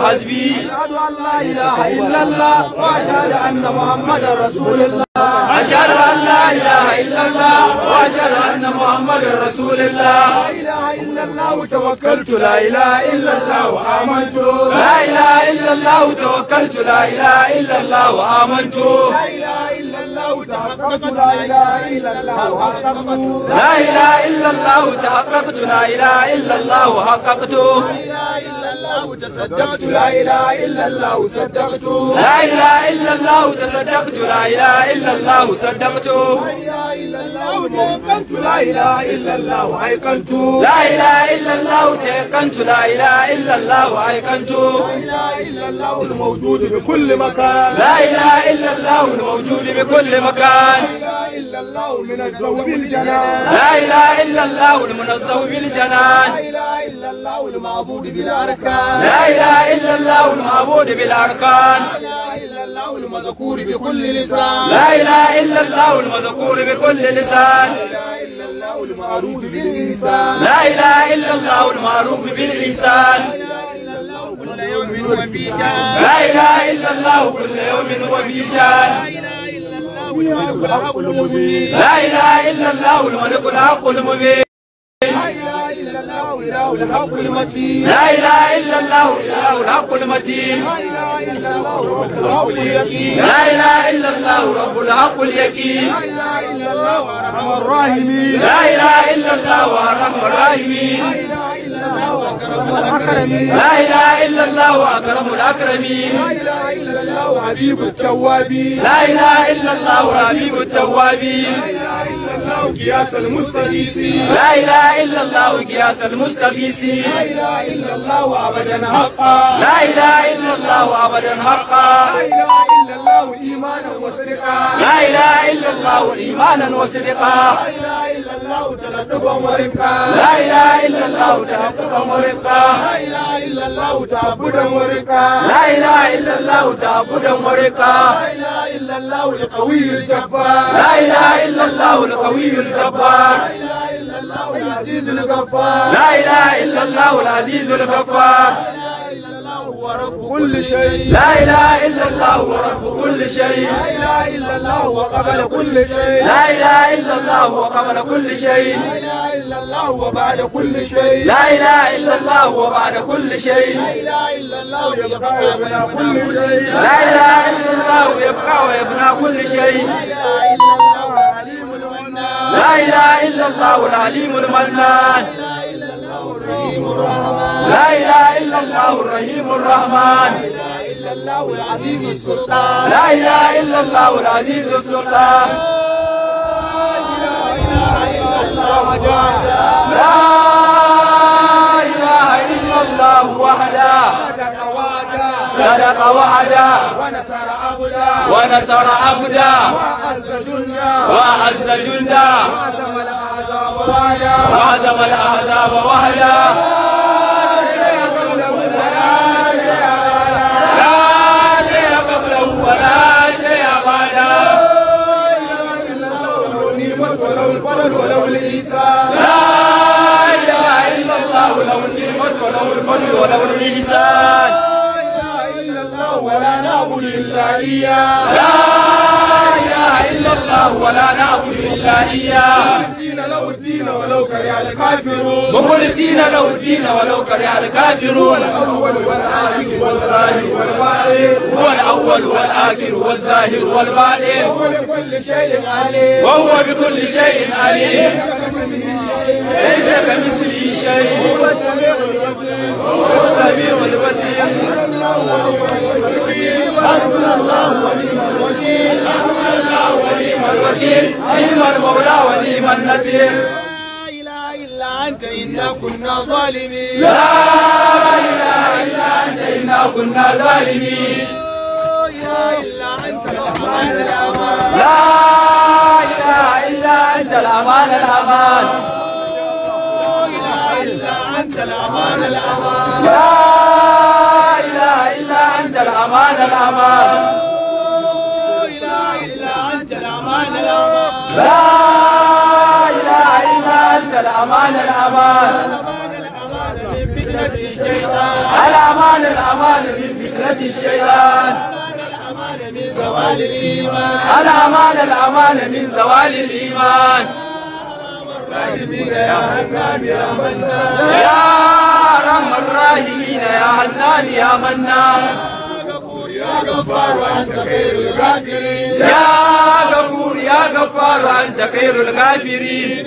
حسبي أشهد أن لا إله إلا الله وأشهد أن محمدا رسول الله أشهد أن لا إله إلا الله وأشهد أن محمدا رسول الله لا إله إلا الله توكلت لا إله إلا الله وآمنت لا إله إلا الله توكلت لا إله إلا الله وآمنت لا إله إلا الله تحققت لا إله إلا الله وحققت لا إله إلا الله تحققت لا إله إلا الله وحققت لا إله إلا تصدقت لا إله إلا الله صدقت لا إله إلا الله تصدقت لا إله إلا الله صدقت لا إله إلا الله تيقنت لا إله إلا الله أيقنت لا إله إلا الله تيقنت لا إله إلا الله لا إله إلا الله الموجود بكل مكان لا إله إلا الله الموجود بكل مكان لا إله إلا الله المنزه بالجنان لا إله إلا الله المنزه بالجنان الله والمعبود بالأركان لا إله إلا الله والمعبود بالأركان لا إله إلا الله المذكور بكل لسان لا إله إلا الله المذكور بكل لسان المعروف بالإنسان لا إله إلا الله المعروف بالإنسان كل يوم هو في شان لا إله إلا الله كل يوم هو في شان لا إله إلا الله الملك الحق المبين الحق المتين لا اله الا الله الحق المتين لا اله الا الله رب الحق اليقين لا اله الا الله رب الحق اليقين لا اله الا الله ارحم الراحمين لا اله الا الله ارحم الراحمين لا اله الا الله اكرم الاكرمين لا اله الا الله حبيب التوابين لا اله الا الله حبيب التوابين الله قياس المستغيثي لا إله إلا الله قياس المستغيثي لا إله إلا الله أبدا حقا لا إله إلا الله أبدا حقا لا إله إلا الله إيمانا وصدقا لا إله إلا الله إيمانا وصدقا لا إله إلا الله تلدقا ورفقا لا إله إلا الله تلدقا ورفقا لا إله إلا الله تعبدا ورفقا لا إله إلا الله تعبدا ورفقا لا إله إلا الله القوي الجبار لا إله إلا الله القوي الجبار لا إله إلا الله العزيز الغفار لا إله إلا الله العزيز الغفار ورب كل شيء لا اله الا الله ورب كل شيء لا اله الا الله وقبل كل شيء لا اله الا الله وقبل كل شيء لا اله الا الله وبعد كل شيء لا اله الا الله وبعد كل شيء لا اله الا الله يبقى ويبنى كل شيء لا اله الا الله يبقى ويبنى كل شيء لا اله الا الله العليم المنان لا إله إلا الله العليم المنان لا إله إلا الله الرحيم الرحمن لا إله إلا الله العزيز السلطان لا إله إلا الله العزيز السلطان لا إله إلا الله وحده لا إله إلا الله وحده صدق وعدا ونصر عبدا ونصر عبده وأعز جندا وأعز جندا فرادا وهزم الأحزاب وحدا ولو الفضل ولو الإيسان لا إله إلا الله له النعمة وله الفضل وله الإحسان لا إله إلا الله ولا نعبد إلا إياه لا إله إلا الله ولا نعبد إلا إياه الدين ولو كره الكافرون مخلصين له الدين ولو كره الكافرون الأول والآخر والظاهر والباطن هو الأول والآخر والظاهر والباطن وهو بكل شيء عليم وهو بكل شيء عليم ليس كمثله شيء هو السميع البصير هو السميع البصير حسبنا الله ونعم الوكيل حسبنا الله ونعم الوكيل نعم المولى ونعم النصير أنت إنا كنا ظالمين لا إله إلا أنت إنا كنا ظالمين لا إلا أنت الأمان الأمان لا إله إلا أنت الأمان الأمان لا إله إلا أنت الأمان الأمان لا إله إلا أنت الأمان الأمان لا إله إلا أنت الأمان الأمان الأمان الأمان من الشيطان الأمان الأمان من فتنة الشيطان الأمان من زوال الإيمان الأمان الأمان من زوال الإيمان يا حنان يا يا يا حنان يا منان يا غفار وأنت خير الغافرين يا غفور يا غفار وأنت خير الغافرين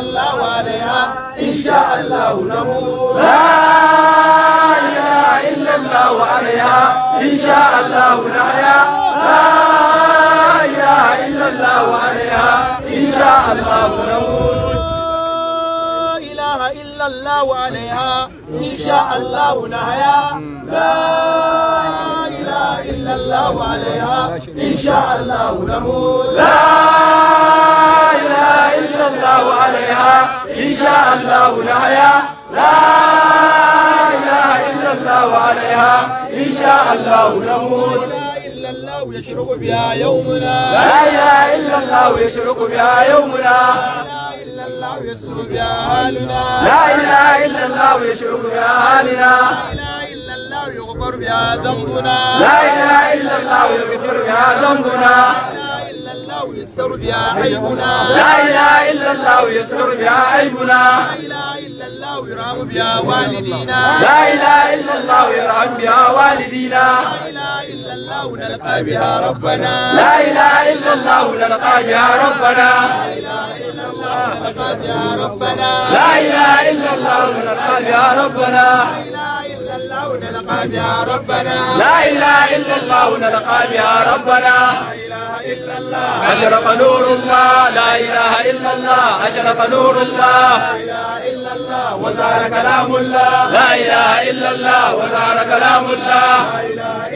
الله وعليها إن شاء الله نموت لا إله إلا الله وعليها إن شاء الله نحيا لا إله إلا الله وعليها إن شاء الله نموت لا إله إلا الله وعليها إن شاء الله نحيا لا إله إلا الله عليها إن شاء الله نموت لا الله عليها إن شاء الله نحيا لا إله إلا الله عليها إن شاء الله نموت الله يشرق بها يومنا لا إله إلا الله يشرق بها يومنا لا إله إلا الله يسر بها حالنا لا إله إلا الله يشرق بها حالنا لا إله إلا الله يغفر بها ذنبنا لا إله إلا الله يغفر بها ذنبنا يستر بها عيبنا لا إله إلا الله يستر بها عيبنا لا إله إلا الله يرحم بها والدينا لا إله إلا الله يرحم بها والدينا لا إله إلا الله نلقى بها ربنا لا إله إلا الله نلقى بها ربنا لا إله إلا الله نلقى بها ربنا لا إله إلا الله نلقى بها ربنا يا ربنا لا إله إلا الله نلقى يا ربنا لا إله إلا الله أشرق نور الله لا إله إلا الله أشرق نور الله لا إله إلا الله وزار كلام الله لا إله إلا الله وزار كلام الله لا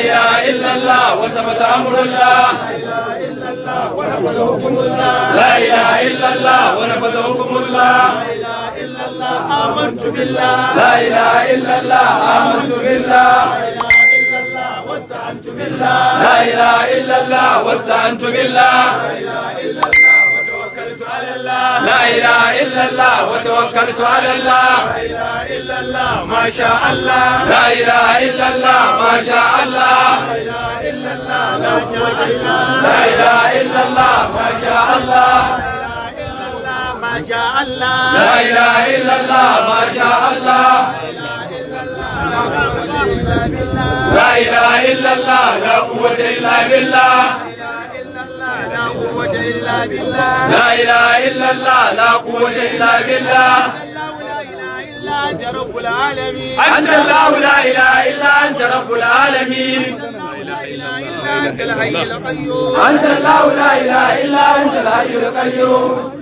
إله إلا الله وسمت أمر الله لا إله إلا الله أمر الله لا إله إلا الله ونفذ حكم الله لا إله إلا الله ونفذ حكم الله الله آمنت بالله لا إله إلا الله آمنت بالله لا إله إلا الله واستعنت بالله لا إله إلا الله وتوكلت على الله لا إله إلا الله وتوكلت على الله لا إله إلا الله ما شاء الله لا إله إلا الله ما شاء الله لا إله إلا الله لا إله إلا الله ما شاء الله ما شاء الله لا إله إلا الله ما شاء الله لا إله إلا الله لا قوة إلا بالله لا قوة إلا بالله لا إله إلا الله لا قوة إلا بالله أنت رب العالمين أنت الله لا إله إلا أنت رب العالمين أنت الحي القيوم أنت الله لا إله إلا أنت الحي القيوم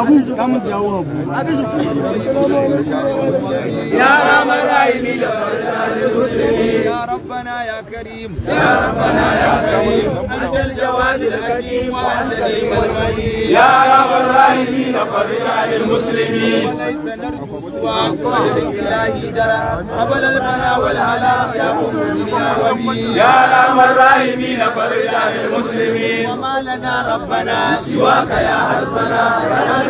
يا يا ربنا يا كريم يا ربنا يا كريم انت الجواد الكريم وانت المجيد يا رب الراحمين فرج يا المسلمين ليس نرجو سواك الا الهدى قبل البلاء والهلاك يا رب الراحمين فرج عن يا وما لنا ربنا سواك يا يا يا يا يا يا يا يا يا حسبنا